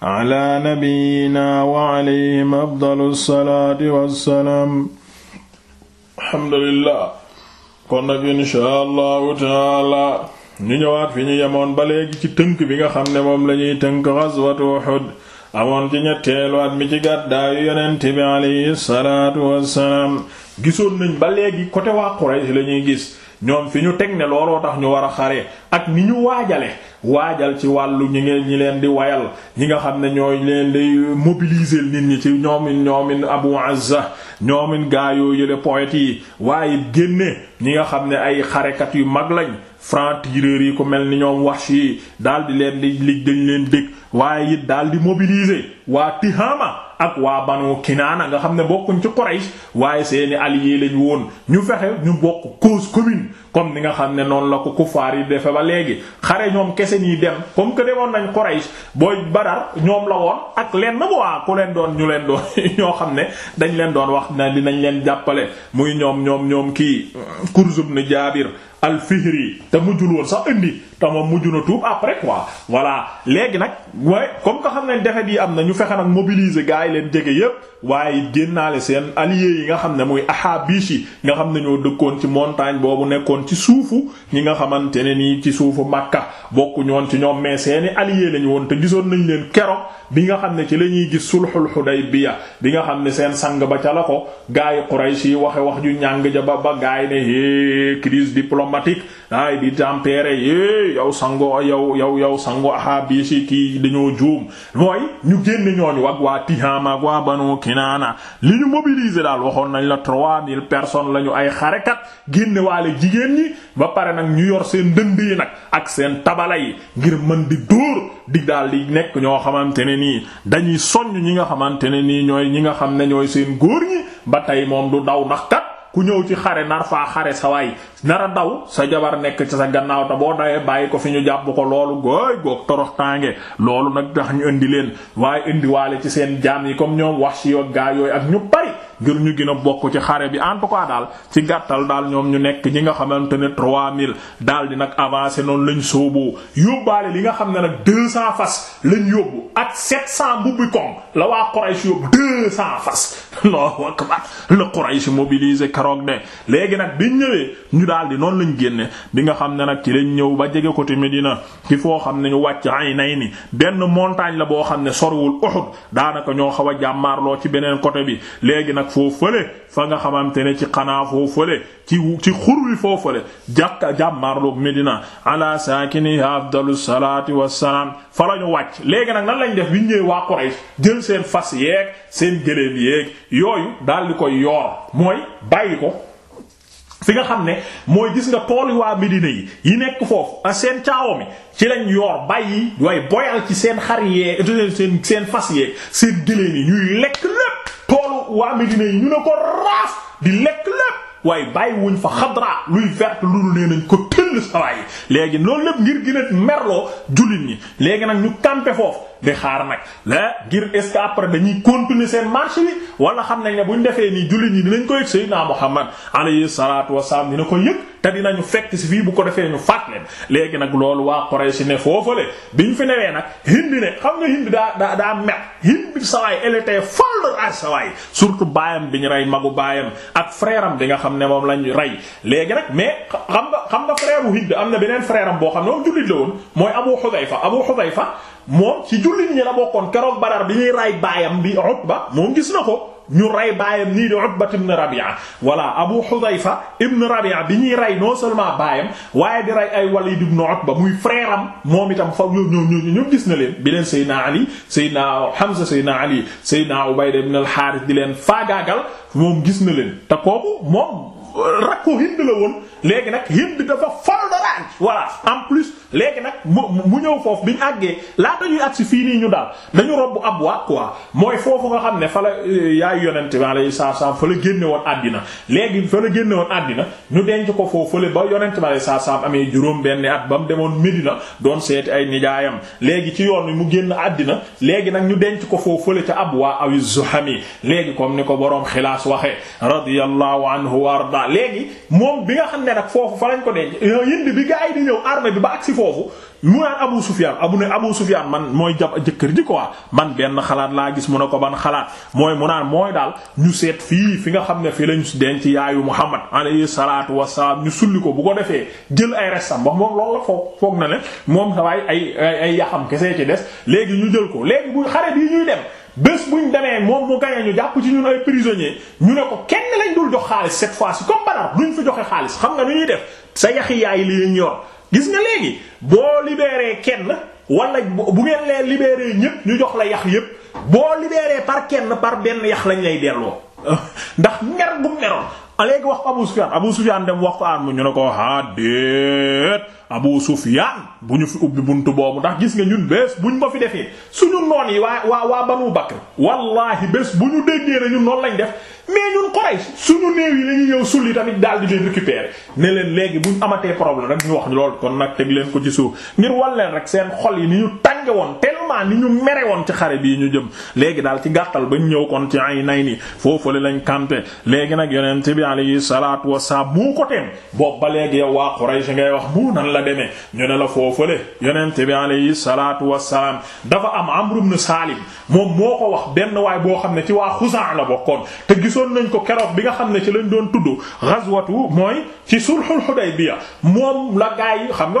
ala nabiyyina wa alayhim afdalu salaati wassalaam alhamdulillah kon nag inshaa allahu taala ñu ñëwaat fi ñu yemoon ba léegi ci tënk bi nga xam ne moom lañuy tënk ghazwatu Uhud amoon ci ñetteelu at mi ci gàddaayu yonent bi alayhi salaatu wassalaam gisoon nañ ba léegi côté waa Quraysh lañuy gis ñoom fi ñu teg ne looloo tax ñu war a xare ak ni ñu waajale waajal ci wàllu ñi ngeen ñi leen di wayal ñi nga xam ne ñooy leen di mobiliser nit ñi ci ñoomin ñoomin Abu Azza ñoomin gaayoo yële poètes yi waaye génne ñi nga xam ne ay xarekat yu mag lañ francs-tireurs yi ku mel ni ñoom Wahshi yi daal di leen di lig dañ leen dégg waaye it daal di waa Tihama ak waa banu kinaana nga xam ne bokkuñ ci Quraysh waaye seeni alliés lañ woon ñu fexe ñu bokk cause commune comme ni nga xam ne noonu la ko kufaar yi defe ba léegi xare ñoom kese nii dem comme que demoon nañ Quraysh booy Badar ñoom la woon ak leen na waa ku leen doon ñu leen doon ñoo xam ne dañ leen doon wax na dinañ leen jàppale muy ñoom ñoom ñoom kii Kurz ibn Jaabir al yi te mujjul woon sax indi te moom mujj na tuub après quoi voilà léegi nag waaye comme nga xam ne defet yi am na ñu fexe nag mobiliser gars yi leen jege yépp waaye it génnaale seen alliés yi nga xam ne muy Ahabish yi nga xam ne ñoo dëkkoon ci montagne boobu nekkoon ci suufu ñi nga xamante ne nii ci suufu Makka bokku ñoon ci ñoom mais seeni alliés lañu woon te gisoon nañu leen keroog bi nga xam ne ci la ñuy gis sulhul Hudaybiya bi ya bi nga xam ne seen sang ba ca la ko gars yi Quraysh yi waxe wax ju ñàng ja ba ba gars yi ne é crise diplomatique yow sango yow yow yow sango ahabishi kii dañoo juum mooy ñu génn ñooñu wag waa Tihaama ak waa Banu Kinaana li ñu mobiliser daal waxoon nañ la trois mille lañu ay xarekat génne waale jigéen ñi ba pare nag ñu yor seen dënd yi nag ak seen tabala yi ngir mën di dóor di daal di nekk ñoo xamante ne nii dañuy soññ ñi nga xamante ne nii ñooy ñi nga xam ne ñooy seen góor ñi ba tey moom du daw ndax kat ku ñëw ci xare nar faa xare sa waay a daw sa jabar nekk ci sa gannaaw ta boo dawee bàyyi ko fi ñu jàpp ko loolu gooy goog torox tànge loolu nag tax ñu indi leen waaye indiwaale ci seen jaam yi comme ñoom wax si yo gaa yooyu ak ñu bari ngir ñu gën a bokk ci xare bi en tout cas daal ci gàttal daal ñoom ñu nekk ñi nga xamante ne 3000 daal di nag avancé noonu lañ sóoboo yóbbaale li nga xam ne nag 200 fas lañ yóbbu ak 700 mbubbi koŋ la waa Quraysh yóbbu 200 fas Allahu akbar la Quraysh mobilisé karoog de léegi nag biñ ñëwee ñu daal di noonu lañ génne bi nga xam ne nag ci lañ ñëw ba jege ko ti côté Médina ci foo xam ne ñu wàcc ay nay ni benn montagne la boo xam ne sorwul Uhud daanaka ñoo xaw a jàmmaarloo ci beneen côté bi léegi nag nag foo fa nga xamante ne ci xanaa foo fële ci ci xur wi foo fële jàkka jàmmaarloog Medina ala saakini afdalu salaati wassalaam fa la ñu wàcc léegi nag nan lañ def bi ñëwee waa Quraysh jël seen fas yeeg seen gëléem yeeg yooyu daal koy yoor mooy bàyyi ko fi nga xam ne mooy gis nga tool yi waa Medina yi yi nekk foofu ah, seen caawa mi ci lañ yor waaye boyal ci seen xar yeeg seen fas yeeg seen gëléem ñuy lekk lépp waa mi yi ñu ne ko raaf di lekk lépp waaye bàyyi wuñ fa xadra luy verte lu nee nañ ko tëll sawaay léegi loolu lépp ngir gën merloo jullit ñi léegi nag ñu campé foofu di xaar nag la ngir est ce que après dañuy continuer seen marche bi wala xam nañ ne ñu defee nii jullit ñi dinañ ko yëg Seydina Muhammad alayhi salaatu wassalaam dina ko yëg te dinañu fekk si fii bu ko defee ñu faat leen léegi nag loolu waa Quraysh ne bi ñu fi newee nag hindi ne xam nga hindi daa daa daa met hindi sawaay eletee foll ay sawaay surtout baayam bi ñu rey magu baayam ak frère am bi nga xam ne moom lañ rey léegi nag mais xam nga xam nga frère u am na beneen frère boo xam ne moom jullit la woon mooy Abu Hudayfa Abu Hudayfa moom ci jullit ñi la bokkoon keroog Badar bi ñuy ray baayam bi Utba moom gis na ko ñu ray baayam nii di Utba ibn Rabi'a walla Abu Hudhayfa bi ñuy ray non seulement baayam waaye di ray ay Walid ibn Utba muy frère moom itam fa ñoo ñoo ñoo gis na leen bi leen Seydina Ali Seydina Hamza Seydina Ali Seydina Ubayda ibn al-Harith di leen faagaagal moom gis na leen te kooku moom rakku Hind la woon léegi nag Hind dafa fol de range voilà en plus léegi nag mu mu ñëw foofu bi ñu àggee laata ñuy agsi fii nii ñu daal dañu robbu Abwa quoi mooy foofu nga xam ne fa la euh, yaay yonent bi alayhi salaam fa la génne woon àddina léegi fa la génne woon àddina ñu denc ko foofu fële ba yonent bi alayhi salaam amee juróom benn at ba mu demoon Medina doon seeti ay nijaayam léegi ci yoon wi mu génn àddina léegi nag ñu denc ko foofu fële ca Abwa awi Zuhami léegi comme ni ko boroom xilaas waxe radiyallahu anhu warda voilà léegi moom bi nga xam ne nag foofu fa lañ ko denc euh, yindi bi gaa yi di ñëw armée bi ba agsi foofu mu naan Abu Sufyaan abu ne Abu Sufyaan man mooy jàpp jëkkër ji quoi man benn xalaat laa gis mu ne ko ban xalaat mooy mu naan mooy daal ñu seet fii fi nga xam ne fii lañ denc yaayu Muhammad alayhi salaatu wassalaam ñu sulli ko bu ko defee jël ay restam wax moom loolu la foog foog na ne moom sawaay ay ay yaxam kese ci des léegi ñu jël ko léegi bu xare bi ñuy bés ñu demee moom mu gañe ñu jàpp ci ñun ay prisonnier ñu ne ko kenn lañ dul jox xaalis cette fois ci comme Badar duñ fi joxe xaalis xam nga nu ñuy def sa yaxi yaay li ñor gis nga léegi boo libeeree kenn wala bu ngeen lee libéré ñépp ñu jox la yax yépp boo libéré par kenn par benn yax lañ lay delloo ndax mer gu meroon léegi wax ko Abu Sufyaan Abu Sufyaan dem wax ko aan mu ñu ne ko hadéet Abu Sufyaan bu ñu fi ubbi bunt boobu ndax gis nga ñun bés bu ñu ko fi defee suñu noon yi waa waa waa Banu Bakr wallahi bés bu ñu déggee ne ñun noonu lañ def mais ñun Quraysh suñu néew yi la ñuy ñëw sulli tamit daal di leen récupérer ne leen léegi buñ amatee problème rek ñu wax lool kon nag teg leen ko ci suuf ngir wal leen rek seen xol yi ni ñu tànge woon vraiment ni ñu mere woon ci xare bii ñu jëm léegi daal ci gàttal bañ ñëw kon ci ay nay ni foofale lañ campé léegi nag yonent bi alayhi salaatu wasalaam mu ko teem boobu ba léegi yow waa Quraysh ngay wax mu nan la demee ñu ne la foofale yonent bi alayhi salaatu wasalaam dafa am Amr ibn Salim moom moo ko wax benn waay boo xam ne ci waa Xuzaa la bokkoon te gisoon nañ ko keroog bi nga xam ne ci lañ doon tudd ghazwatu mooy ci sulhul Hudaybiya moom la gaay xam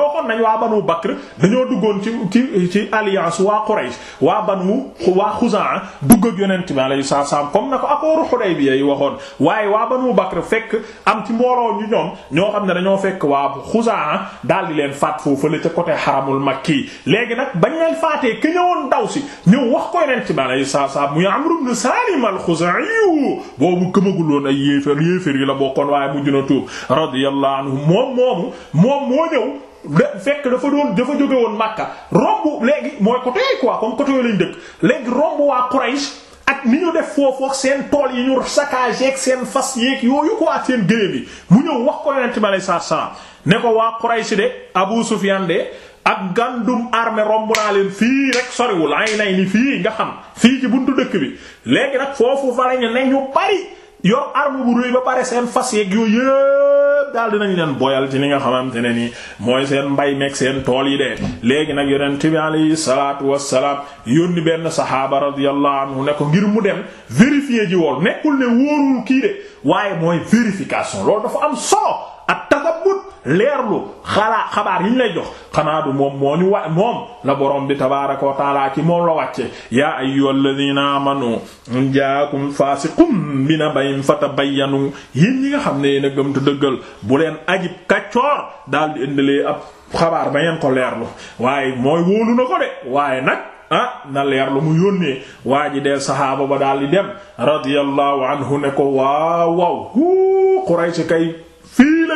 nga waa Quraysh waa Banu waa Xuzaa dugg ak yonent bi alayhi salaam comme na ko accordu bi yi waxoon waaye waa Banu Bakr fekk am ci mbooloo ñu ñoom ñoo xam ne dañoo fekk waa Xuzaa daal di leen faat foofu la ca côté xaramul makki léegi nag bañ leen faatee ki ñëwoon daw si ñëw wax ko yonent bi alayhi salaam muy Amru ibn Salim al-Xuzaa'i boobu gëmagul woon ay yéefar yéefar yi la bokkoon waaye mujj na tuub radiyallahu anhu moom moomu moom moo ñëw fekk dafa doon dafa jóge woon Makka romb léegi mooy côté quoi comme côté yooyu lañ dëkk léegi romb waa Quraysh ak ni ñu def foofu ak seen tool yi ñu saccagé seen fas yeeg yooyu quoi seen gëléem yi mu ñëw wax ko Yonent bi alayhi salaam ne ko waa Quraysh de Abu Sufyan de ak gàndum armée romb naa leen fii rek soriwul ay nay ni fii nga xam fii ci buntu dëkk bi léegi nag foofu fa lañu ne ñu bari yor arme bu rëy ba pare seen fas yeeg yooyu yëpp daal dinañ leen boyal ci li nga xamante ne nii mooy seen mbay meeg seen tool yi de léegi nag yonent bi alayhi salaatu wassalaam yónni benn saxaaba radiyallahu anhu ne ko ngir mu dem vérifier ji woon nekkul ne wóorul kii waaye mooy vérification loolu dafa am solo ak takabut leerlu xalaa xabaar yi ñu lay jox xanaa du moom moo ñu wa moom la borom bi tabaaraka wa taala ci moom la wàcce yaa ayyuhal ladina amanu jaakum faasiqum binabayin fatabayyanu yéen ñi nga xam ne yéen a gëm te dëggal bu leen ajib kaccoor daal di indilee ab xabaar ba ngeen ko leerlu waaye mooy wóolu na ko de waaye nag ah na leer lu mu yónnee waa ji dee saxaaba ba daal di dem radiyallahu anhu ne ko waaw waaw hu Quraysh kay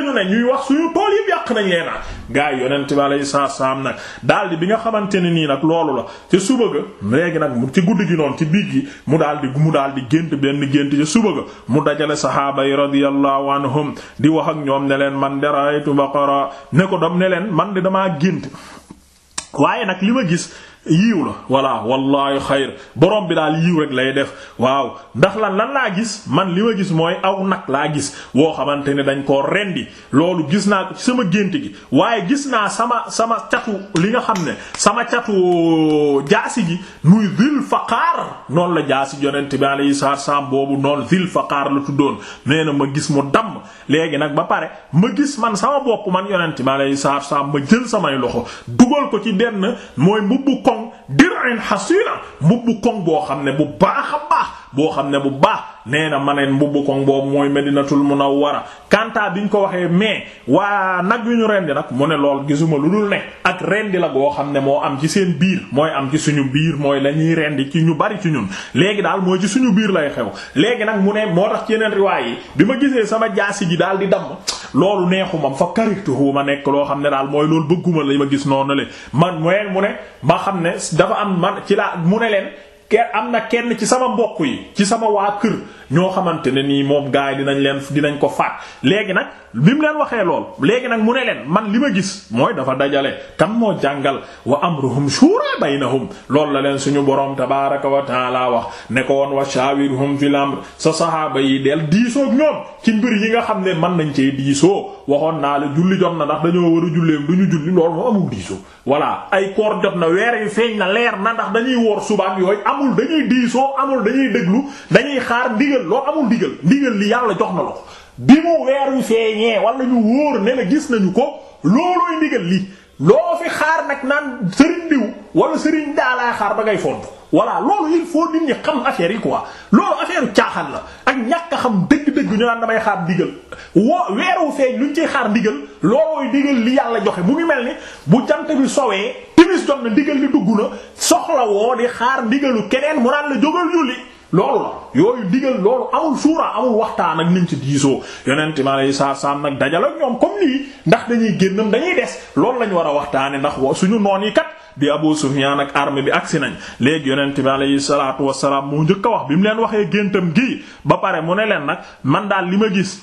lañu ne ñuy wax suñu tool yëpp yàq nañ leen ah. gars yi yonent bi alayhi salaam nag daal di bi nga xamante ne nii nag loolu la ca suba ga léegi nag mu ci guddi gi noonu ci biig gi mu daal di mu daal di gént benn gént ca suba ga mu dajale saxaaba yi radiyallahu anhum di wax ak ñoom ne leen man daraytu baqara ne ko dam ne leen man de damaa gént waaye nag li ma gis. yiiw la voilà wallaahi xayr borom bi daal yiiw rek lay def waaw ndax lan lan laa gis man li ma gis mooy aw nag laa gis woo xamante ne dañ koo rendi loolu gis naa ko ci sama gént gi waaye gis naa sama sama catu li nga xam ne sama catu euh, jaasi gi muy zil faqaar noonu la jaasi yonent bi alayhi salaam boobu noonu zil faqaar la tuddoon nee na ma gis mu damm léegi nag ba pare ma gis man sama bopp man ma bi alayhi salaam ma jël samay loxo dugal ko ci benn dirin xasina mbubbu koŋ boo xam ne bu baax a baax boo xam ne bu baax nee na ma neen mbubbu koŋ boobu mooy mun a Munawwara kanta ñu ko waxee mais waa nag yu ñu rendi nag mu ne lool gisuma lu dul nekk ak rendi la goo xam ne moo am ci seen biir mooy am ci suñu biir mooy la ñuy rendi ci ñu bari ci ñun léegi daal mooy ci suñu biir lay xew léegi nag mu ne moo tax ci yeneen riwaay yi bi ma gisee sama jaasi ji daal di damm loolu neexuma fa karituhu ma nekk loo xam ne daal mooy loolu bëgguma la ma gis noonu le man mooy mu ne ma xam ne dafa am man ci laa mu ne leen ke am na kenn ci sama mbokk yi ci sama waa kër ñoo xamante ne nii moom gars yi dinañ leen dinañ ko faat léegi nag bi mu leen waxee lool léegi nag mu ne leen man li ma gis mooy dafa dajale tam moo jàngal wa amruhum shura baynahum loolu la leen suñu borom tabaaraka wa taala wax ne ko woon wa shawirhum fil amr sa sahaaba yi del diisoo ak ñoom ci mbir yi nga xam ne mën nañ cee diisoo waxoon naa la julli jot na ndax dañoo war a julleem du ñu julli loolu moo amul diisoo ay koor jot na weer yu feeñ na leer na ndax dañuy woor suba ak yooyu amul dañuy diisoo amul dañuy déglu dañuy xaar ndigal ndigal loo amul ndigal ndigal li yàlla jox na ko bi mu weer wi feeñee wala ñu wóor ne la gis nañu ko loolooy ndigal li loo fi xaar nag naan sëriñ diw wala sëriñ daalaa xaar ba ngay font voilà loolu il faut nit ñi xam affaire yi quoi loolu affaire caaxaan la ak ñàkk xam dëgg-dëgg ñu naan damay xaar ndigal woo weeru feeñ luñ ciy xaar ndigal loolooy ndigal li yàlla joxe mu ngi mel ni bu jant bi sowee timis jot na ndigal li dugg na soxla woo di xaar ndigalu keneen mu naan la jógal julli loolu la yooyu digal loolu amul suuraa amul waxtaan ak niñ ci diisoo yonent mi alayhi salaatu salaam nag dajal ak ñoom comme nii ndax dañuy génnam dañuy des loolu lañ war a waxtaane ndax suñu noon yi kat bi Abu Sufyan ak armée bi agsi nañ léegi yonent mi alayhi salaatu wassalaam moo njëkk a wax bi mu leen waxee géntam gii ba pare mu ne leen nag man daal li ma gis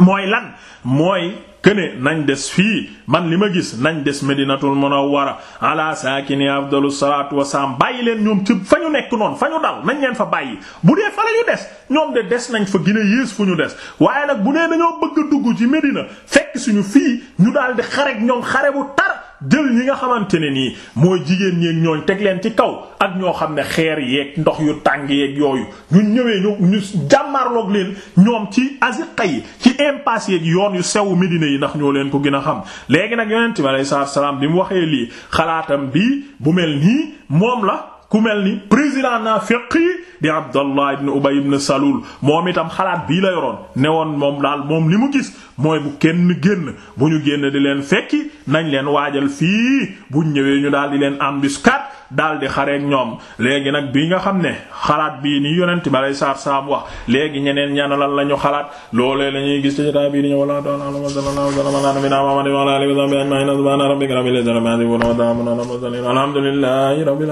mooy lan mooy këne nañ des fii man li ma gis nañ des medinatul munawwara ala saakini afdalu salaatu wasalaam bàyyi leen ñoom ci fa ñu nekk noonu fa ñu dal nañ leen fa bàyyi bu dee fa la des ñoom de des nañ fa gën a yées fu ñu des waaye nag bu dee dañoo bëgg a dugg ci medina fekk suñu fii ñu daal di xarek ñoom xare bu tar jël ñi nga xamante ne nii mooy jigéen ñeeg ñooñ teg leen ci kaw ak ñoo xam ne xeer yeeg ndox yu tàng yeeg yooyu ñu ñëwee ñu ñu jàmmarloog leen ñoom ci aziqa yi ci impasse yeeg yoon yu sew Medina yi ndax ñoo leen ko gën a xam léegi nag yonent bi alayhi salaatu salaam bi mu waxee lii xalaatam bii bu mel nii moom la ku mel ni président naafiq yi di Abdallah ibn Ubay ibn Salul moom itam xalaat bii la yoroon ne woon moom daal moom li mu gis mooy bu kenn génn bu ñu génn di leen fekki nañ leen waajal fii buñ ñëwee ñu daal di leen embuscade daal di xareek ñoom léegi nag bi nga xam ne xalaat bii nii yonent bi alay saat salaam wax léegi ñeneen ñana lan la ñu xalaat loolee la gis ci jotaay bii di ñëw wala